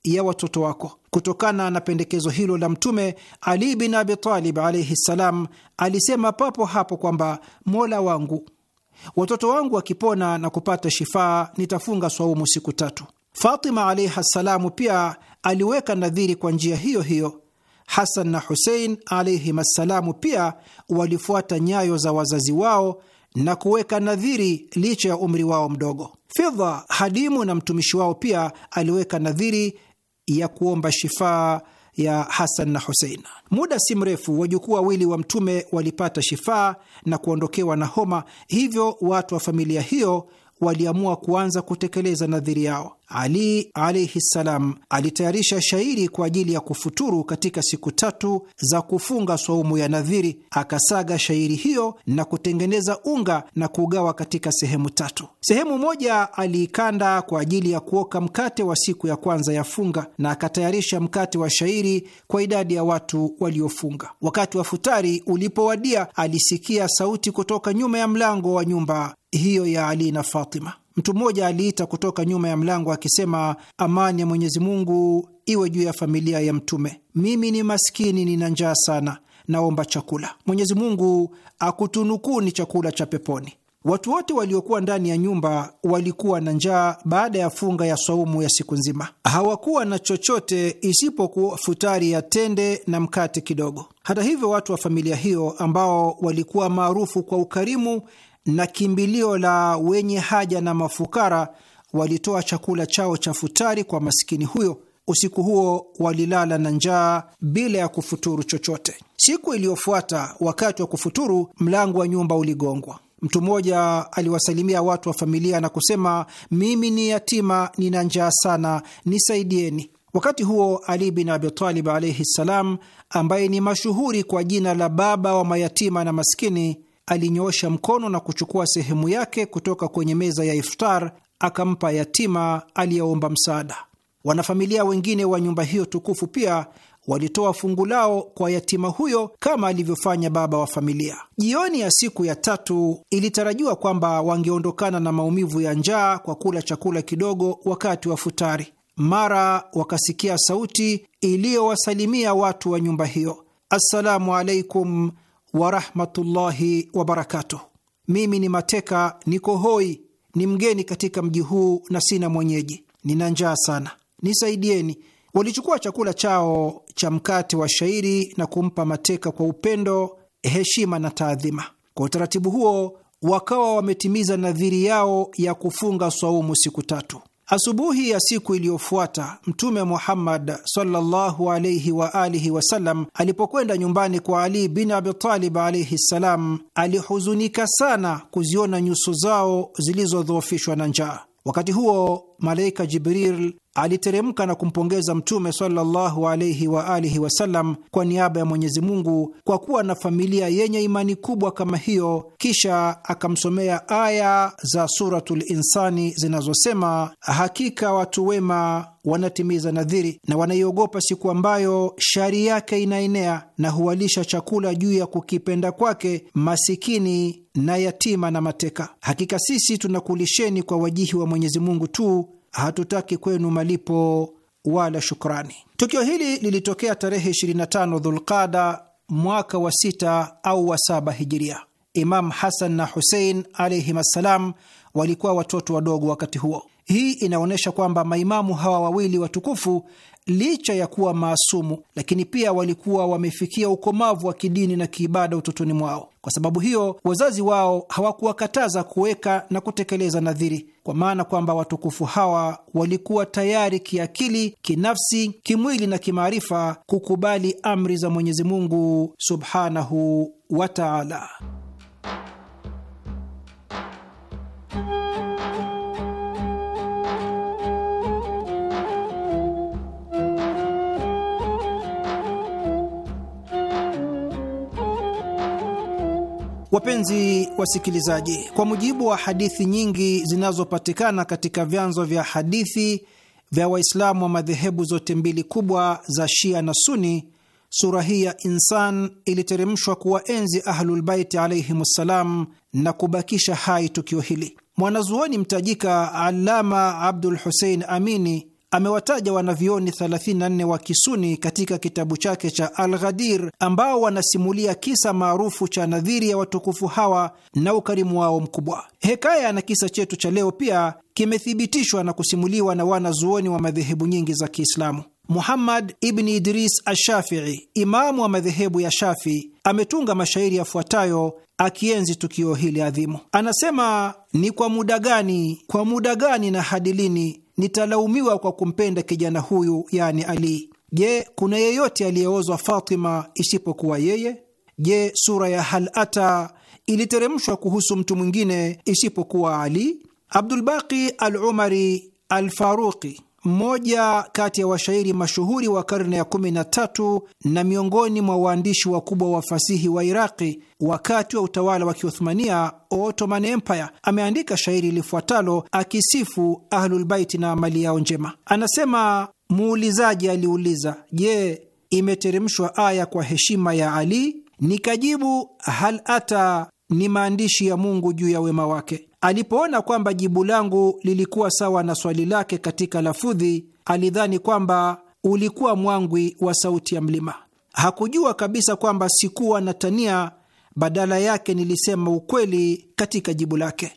ya watoto wako. Kutokana na pendekezo hilo la Mtume, Ali bin Abi Talib alaihi ssalam alisema papo hapo kwamba mola wangu, watoto wangu wakipona na kupata shifaa nitafunga swaumu siku tatu. Fatima alaihi ssalamu pia aliweka nadhiri kwa njia hiyo hiyo. Hasan na Husein alaihim assalamu pia walifuata nyayo za wazazi wao na kuweka nadhiri licha ya umri wao mdogo. Fidha, hadimu na mtumishi wao, pia aliweka nadhiri ya kuomba shifaa ya Hasan na Husein. Muda si mrefu, wajukuu wawili wa Mtume walipata shifaa na kuondokewa na homa, hivyo watu wa familia hiyo waliamua kuanza kutekeleza nadhiri yao. Ali alaihi ssalam alitayarisha shairi kwa ajili ya kufuturu katika siku tatu za kufunga swaumu ya nadhiri. Akasaga shairi hiyo na kutengeneza unga na kugawa katika sehemu tatu. Sehemu moja aliikanda kwa ajili ya kuoka mkate wa siku ya kwanza ya funga, na akatayarisha mkate wa shairi kwa idadi ya watu waliofunga. Wakati wa futari ulipowadia, alisikia sauti kutoka nyuma ya mlango wa nyumba hiyo ya Ali na Fatima. Mtu mmoja aliita kutoka nyuma ya mlango akisema, amani ya Mwenyezi Mungu iwe juu ya familia ya Mtume, mimi ni maskini, nina njaa sana, naomba chakula. Mwenyezi Mungu akutunukuni chakula cha peponi. Watu wote waliokuwa ndani ya nyumba walikuwa na njaa baada ya funga ya swaumu ya siku nzima. Hawakuwa na chochote isipokuwa futari ya tende na mkate kidogo. Hata hivyo, watu wa familia hiyo ambao walikuwa maarufu kwa ukarimu na kimbilio la wenye haja na mafukara, walitoa chakula chao cha futari kwa masikini huyo. Usiku huo walilala na njaa bila ya kufuturu chochote. Siku iliyofuata, wakati wa kufuturu, mlango wa nyumba uligongwa. Mtu mmoja aliwasalimia watu wa familia na kusema, mimi ni yatima, nina njaa sana, nisaidieni. Wakati huo Ali bin Abitalib alaihi ssalam, ambaye ni mashuhuri kwa jina la baba wa mayatima na maskini, alinyoosha mkono na kuchukua sehemu yake kutoka kwenye meza ya iftar akampa yatima aliyeomba msaada. Wanafamilia wengine wa nyumba hiyo tukufu pia walitoa fungu lao kwa yatima huyo kama alivyofanya baba wa familia. Jioni ya siku ya tatu ilitarajiwa kwamba wangeondokana na maumivu ya njaa kwa kula chakula kidogo wakati wa futari. Mara wakasikia sauti iliyowasalimia watu wa nyumba hiyo, assalamu alaikum warahmatullahi wabarakatuh. Mimi ni mateka, niko hoi, ni mgeni katika mji huu na sina mwenyeji, nina njaa sana, nisaidieni. Walichukua chakula chao cha mkate wa shairi na kumpa mateka kwa upendo, heshima na taadhima. Kwa utaratibu huo wakawa wametimiza nadhiri yao ya kufunga swaumu siku tatu. Asubuhi ya siku iliyofuata Mtume Muhammad sallallahu alaihi wa alihi wasallam alipokwenda nyumbani kwa Ali bin Abitalib alaihi ssalam, alihuzunika sana kuziona nyuso zao zilizodhoofishwa na njaa. Wakati huo malaika Jibril aliteremka na kumpongeza Mtume sallallahu alaihi wa alihi wasallam kwa niaba ya Mwenyezi Mungu kwa kuwa na familia yenye imani kubwa kama hiyo, kisha akamsomea aya za Suratul Insani zinazosema, hakika watu wema wanatimiza nadhiri na wanaiogopa siku ambayo shari yake inaenea, na huwalisha chakula juu ya kukipenda kwake masikini na yatima na mateka. Hakika sisi tunakulisheni kwa wajihi wa Mwenyezi Mungu tu hatutaki kwenu malipo wala shukrani. Tukio hili lilitokea tarehe 25 Dhulqada mwaka wa sita au wa saba hijiria. Imam Hasan na Husein alaihim assalam walikuwa watoto wadogo wakati huo. Hii inaonyesha kwamba maimamu hawa wawili watukufu licha ya kuwa maasumu, lakini pia walikuwa wamefikia ukomavu wa kidini na kiibada utotoni mwao. Kwa sababu hiyo, wazazi wao hawakuwakataza kuweka na kutekeleza nadhiri, kwa maana kwamba watukufu hawa walikuwa tayari kiakili, kinafsi, kimwili na kimaarifa kukubali amri za Mwenyezi Mungu subhanahu wa taala. Wapenzi wasikilizaji, kwa mujibu wa hadithi nyingi zinazopatikana katika vyanzo vya hadithi vya Waislamu wa madhehebu zote mbili kubwa za Shia na Suni, sura hii ya Insan iliteremshwa kuwaenzi Ahlulbaiti alaihim ssalam na kubakisha hai tukio hili. Mwanazuoni mtajika alama Abdul Husein Amini amewataja wanavyoni 34 wa Kisuni katika kitabu chake cha Al-Ghadir ambao wanasimulia kisa maarufu cha nadhiri ya watukufu hawa na ukarimu wao mkubwa. Hekaya na kisa chetu cha leo pia kimethibitishwa na kusimuliwa na wanazuoni wa madhehebu nyingi za Kiislamu. Muhammad ibni Idris Ashafii, imamu wa madhehebu ya shafi ametunga mashairi yafuatayo akienzi tukio hili adhimu. Anasema: ni kwa muda gani, kwa muda gani na hadi lini nitalaumiwa kwa kumpenda kijana huyu, yani Ali. Je, kuna yeyote aliyeozwa Fatima isipokuwa yeye? Je, sura ya hal ata iliteremshwa kuhusu mtu mwingine isipokuwa Ali? Abdulbaqi al Umari Alfaruqi mmoja kati ya washairi mashuhuri wa karne ya 13 na miongoni mwa waandishi wakubwa wa fasihi wa Iraqi wakati wa utawala wa Kiothmania, Ottoman Empire, ameandika shairi lifuatalo akisifu Ahlulbaiti na amali yao njema. Anasema, muulizaji aliuliza, je, imeteremshwa aya kwa heshima ya Ali? Nikajibu, hal ata ni maandishi ya Mungu juu ya wema wake. Alipoona kwamba jibu langu lilikuwa sawa na swali lake katika lafudhi, alidhani kwamba ulikuwa mwangwi wa sauti ya mlima. Hakujua kabisa kwamba sikuwa na tania, badala yake nilisema ukweli katika jibu lake.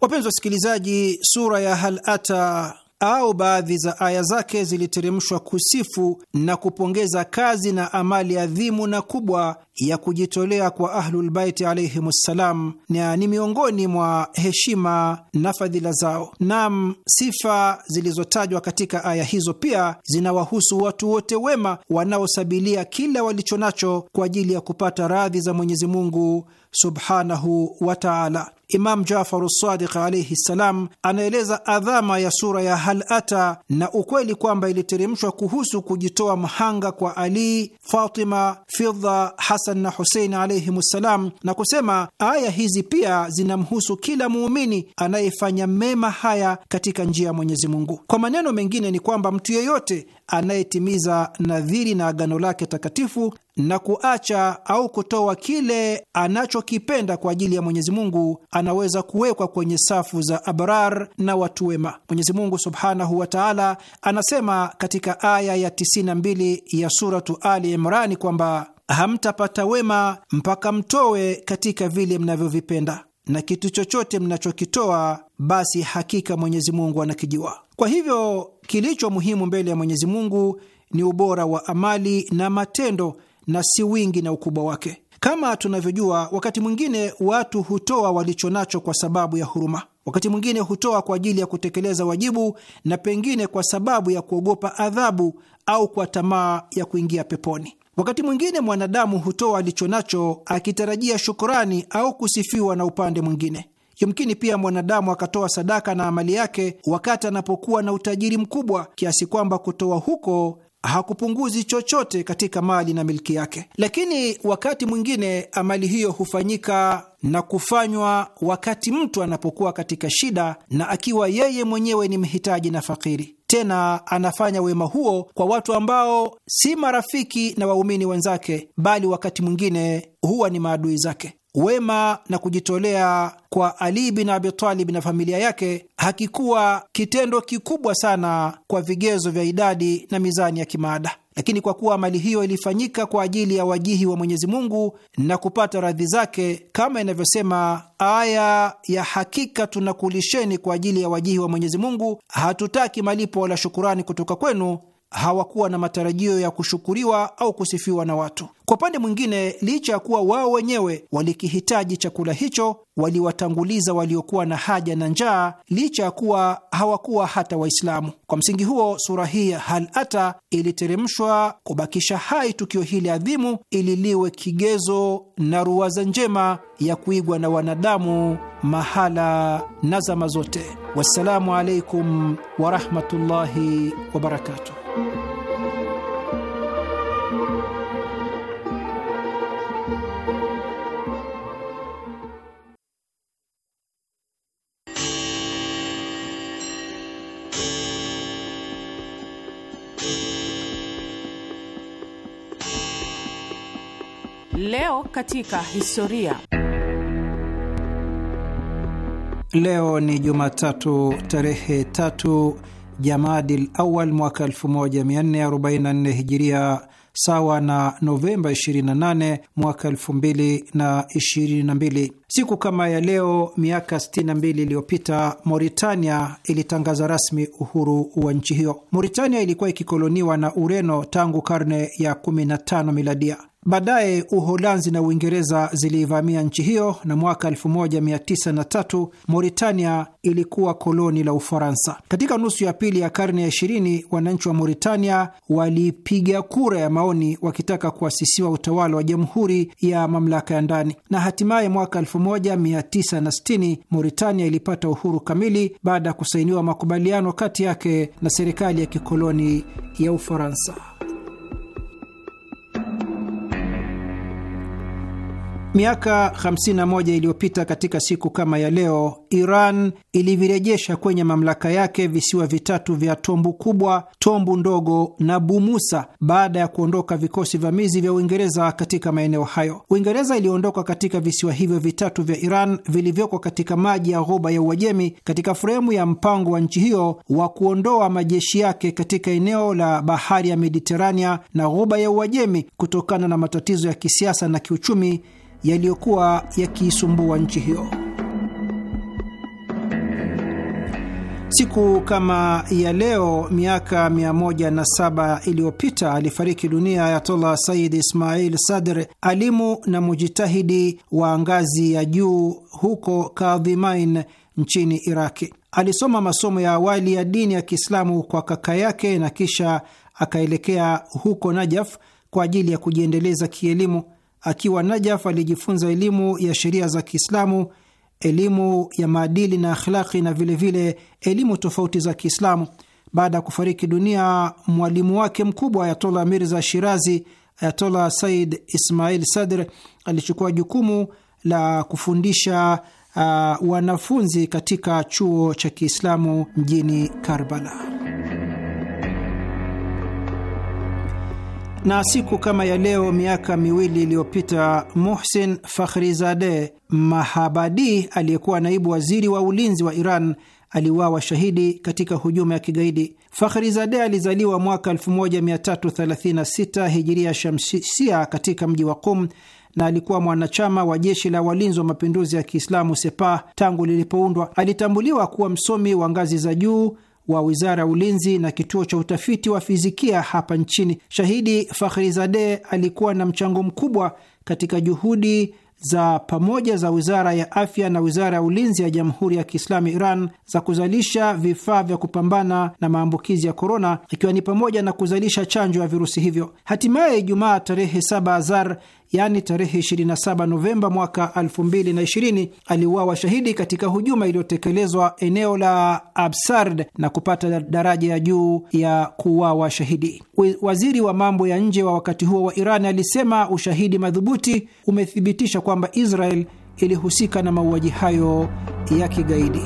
Wapenzi wasikilizaji, sura ya hal ata au baadhi za aya zake ziliteremshwa kusifu na kupongeza kazi na amali adhimu na kubwa ya kujitolea kwa Ahlulbaiti alaihim ssalam, na ni miongoni mwa heshima na fadhila zao. Nam, sifa zilizotajwa katika aya hizo pia zinawahusu watu wote wema wanaosabilia kila walicho nacho kwa ajili ya kupata radhi za Mwenyezi Mungu subhanahu wa taala. Imam jafar Sadiq alaihi ssalam anaeleza adhama ya sura ya Hal Ata na ukweli kwamba iliteremshwa kuhusu kujitoa mhanga kwa Ali, Fatima, Fidha, Hasan na Husein alaihim ssalam, na kusema aya hizi pia zinamhusu kila muumini anayefanya mema haya katika njia ya Mwenyezi Mungu. Kwa maneno mengine ni kwamba mtu yeyote anayetimiza nadhiri na agano lake takatifu na kuacha au kutoa kile anachokipenda kwa ajili ya Mwenyezi Mungu anaweza kuwekwa kwenye safu za abrar na watu wema. Mwenyezi Mungu subhanahu wa taala anasema katika aya ya 92 ya Suratu Ali Imrani kwamba hamtapata wema mpaka mtowe katika vile mnavyovipenda na kitu chochote mnachokitoa basi hakika Mwenyezi Mungu anakijua. Kwa hivyo kilicho muhimu mbele ya Mwenyezi Mungu ni ubora wa amali na matendo na si wingi na ukubwa wake. Kama tunavyojua, wakati mwingine watu hutoa walichonacho kwa sababu ya huruma, wakati mwingine hutoa kwa ajili ya kutekeleza wajibu, na pengine kwa sababu ya kuogopa adhabu au kwa tamaa ya kuingia peponi. Wakati mwingine mwanadamu hutoa nacho akitarajia shukurani au kusifiwa na upande mwingine. Yumkini pia mwanadamu akatoa sadaka na amali yake wakati anapokuwa na utajiri mkubwa kiasi kwamba kutoa huko hakupunguzi chochote katika mali na milki yake. Lakini wakati mwingine amali hiyo hufanyika na kufanywa wakati mtu anapokuwa katika shida na akiwa yeye mwenyewe ni mhitaji na fakiri. Tena anafanya wema huo kwa watu ambao si marafiki na waumini wenzake, bali wakati mwingine huwa ni maadui zake wema na kujitolea kwa Ali bin Abi Talib na familia yake hakikuwa kitendo kikubwa sana kwa vigezo vya idadi na mizani ya kimaada, lakini kwa kuwa mali hiyo ilifanyika kwa ajili ya wajihi wa Mwenyezi Mungu na kupata radhi zake, kama inavyosema aya ya hakika tunakulisheni kwa ajili ya wajihi wa Mwenyezi Mungu, hatutaki malipo wala shukurani kutoka kwenu hawakuwa na matarajio ya kushukuriwa au kusifiwa na watu. Kwa upande mwingine, licha ya kuwa wao wenyewe walikihitaji chakula hicho, waliwatanguliza waliokuwa na haja na njaa, licha ya kuwa hawakuwa hata Waislamu. Kwa msingi huo, sura hii Hal Ata iliteremshwa kubakisha hai tukio hili adhimu, ili liwe kigezo na ruwaza njema ya kuigwa na wanadamu mahala na zama zote. Wassalamu alaikum warahmatullahi wabarakatuh. Leo katika historia. Leo ni Jumatatu tarehe tatu Jamadil Awal mwaka 1444 Hijiria, sawa na Novemba 28 mwaka 2022. Siku kama ya leo miaka 62 iliyopita Mauritania ilitangaza rasmi uhuru wa nchi hiyo. Mauritania ilikuwa ikikoloniwa na Ureno tangu karne ya 15 miladia. Baadaye Uholanzi na Uingereza ziliivamia nchi hiyo na mwaka 1903 Mauritania ilikuwa koloni la Ufaransa. Katika nusu ya pili ya karne ya 20, wananchi wa Mauritania walipiga kura ya maoni wakitaka kuasisiwa utawala wa jamhuri ya mamlaka ya ndani, na hatimaye mwaka 1960 Mauritania ilipata uhuru kamili baada ya kusainiwa makubaliano kati yake na serikali ya kikoloni ya Ufaransa. Miaka 51 iliyopita katika siku kama ya leo, Iran ilivirejesha kwenye mamlaka yake visiwa vitatu vya Tombu Kubwa, Tombu Ndogo na Bumusa baada ya kuondoka vikosi vamizi vya Uingereza katika maeneo hayo. Uingereza iliondoka katika visiwa hivyo vitatu vya Iran vilivyoko katika maji ya Ghuba ya Uajemi katika fremu ya mpango wa nchi hiyo wa kuondoa majeshi yake katika eneo la bahari ya Mediterania na Ghuba ya Uajemi kutokana na matatizo ya kisiasa na kiuchumi yaliyokuwa yakiisumbua nchi hiyo. Siku kama ya leo miaka 107 iliyopita alifariki dunia Ayatollah Said Ismail Sadr, alimu na mujitahidi wa ngazi ya juu huko Kadhimain nchini Iraki. Alisoma masomo ya awali ya dini ya Kiislamu kwa kaka yake na kisha akaelekea huko Najaf kwa ajili ya kujiendeleza kielimu. Akiwa Najaf alijifunza elimu ya sheria za Kiislamu, elimu ya maadili na akhlaki na vilevile vile elimu tofauti za Kiislamu. Baada ya kufariki dunia mwalimu wake mkubwa Ayatola Mirza Shirazi, Ayatola Said Ismail Sadr alichukua jukumu la kufundisha uh, wanafunzi katika chuo cha Kiislamu mjini Karbala. Na siku kama ya leo miaka miwili iliyopita, Muhsin fakhrizade Mahabadi aliyekuwa naibu waziri wa ulinzi wa Iran aliuawa shahidi katika hujuma ya kigaidi. fakhrizade alizaliwa mwaka 1336 hijiria shamsia katika mji wa Qum na alikuwa mwanachama wa jeshi la walinzi wa mapinduzi ya Kiislamu Sepah tangu lilipoundwa. Alitambuliwa kuwa msomi wa ngazi za juu wa wizara ya ulinzi na kituo cha utafiti wa fizikia hapa nchini. Shahidi zade alikuwa na mchango mkubwa katika juhudi za pamoja za wizara ya afya na wizara ya ulinzi ya Jamhuri ya Kiislamu Iran za kuzalisha vifaa vya kupambana na maambukizi ya korona, ikiwa ni pamoja na kuzalisha chanjo ya virusi hivyo. Hatimaye Ijumaa tarehe 7 Azar yaani tarehe 27 Novemba mwaka 2020 aliuawa shahidi katika hujuma iliyotekelezwa eneo la Absard na kupata daraja ya juu ya kuuawa shahidi. Waziri wa mambo ya nje wa wakati huo wa Iran alisema ushahidi madhubuti umethibitisha kwamba Israel ilihusika na mauaji hayo ya kigaidi.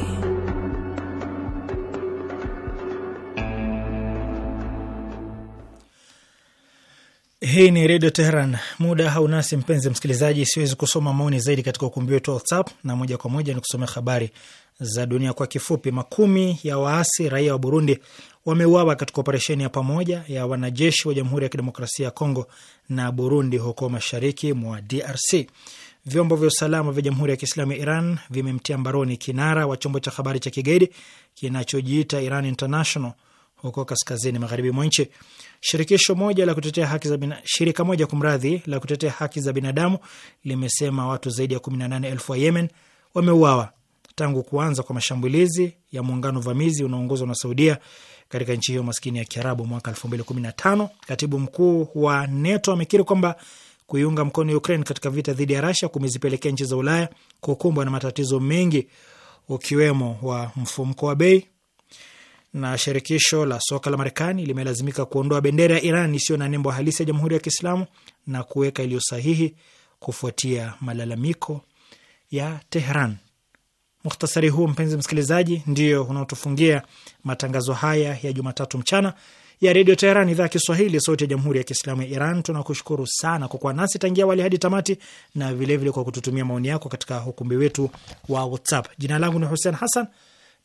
Hii ni Redio Teheran. Muda haunasi mpenzi msikilizaji, siwezi kusoma maoni zaidi katika ukumbi wetu wa WhatsApp na moja kwa moja ni kusomea habari za dunia kwa kifupi. Makumi ya waasi raia wa Burundi wameuawa katika operesheni ya pamoja ya wanajeshi wa Jamhuri ya Kidemokrasia ya Kongo na Burundi huko mashariki mwa DRC. Vyombo vya usalama vya Jamhuri ya Kiislamu ya Iran vimemtia mbaroni kinara wa chombo cha habari cha kigaidi kinachojiita Iran International huko kaskazini magharibi mwa nchi. Shirikisho moja la kutetea haki za bina, shirika moja kumradhi, la kutetea haki za binadamu limesema watu zaidi ya 18,000 wa Yemen wameuawa tangu kuanza kwa mashambulizi ya muungano vamizi unaoongozwa na Saudia katika nchi hiyo maskini ya Kiarabu mwaka 2015. Katibu mkuu wa NATO amekiri kwamba kuiunga mkono Ukraine katika vita dhidi ya Russia kumezipelekea nchi za Ulaya kukumbwa na matatizo mengi ukiwemo wa mfumko wa bei, na shirikisho la soka la Marekani limelazimika kuondoa bendera ya Iran isiyo na nembo halisi ya Jamhuri ya Kiislamu na kuweka iliyo sahihi kufuatia malalamiko ya Tehran. Mukhtasari huu mpenzi msikilizaji, ndio unaotufungia matangazo haya ya Jumatatu mchana ya Redio Teheran, idhaa ya Kiswahili, sauti ya Jamhuri ya Kiislamu ya Iran. Tunakushukuru sana kwa kuwa nasi tangia awali hadi tamati, na vilevile vile kwa kututumia maoni yako katika ukumbi wetu wa WhatsApp. Jina langu ni Hussein Hassan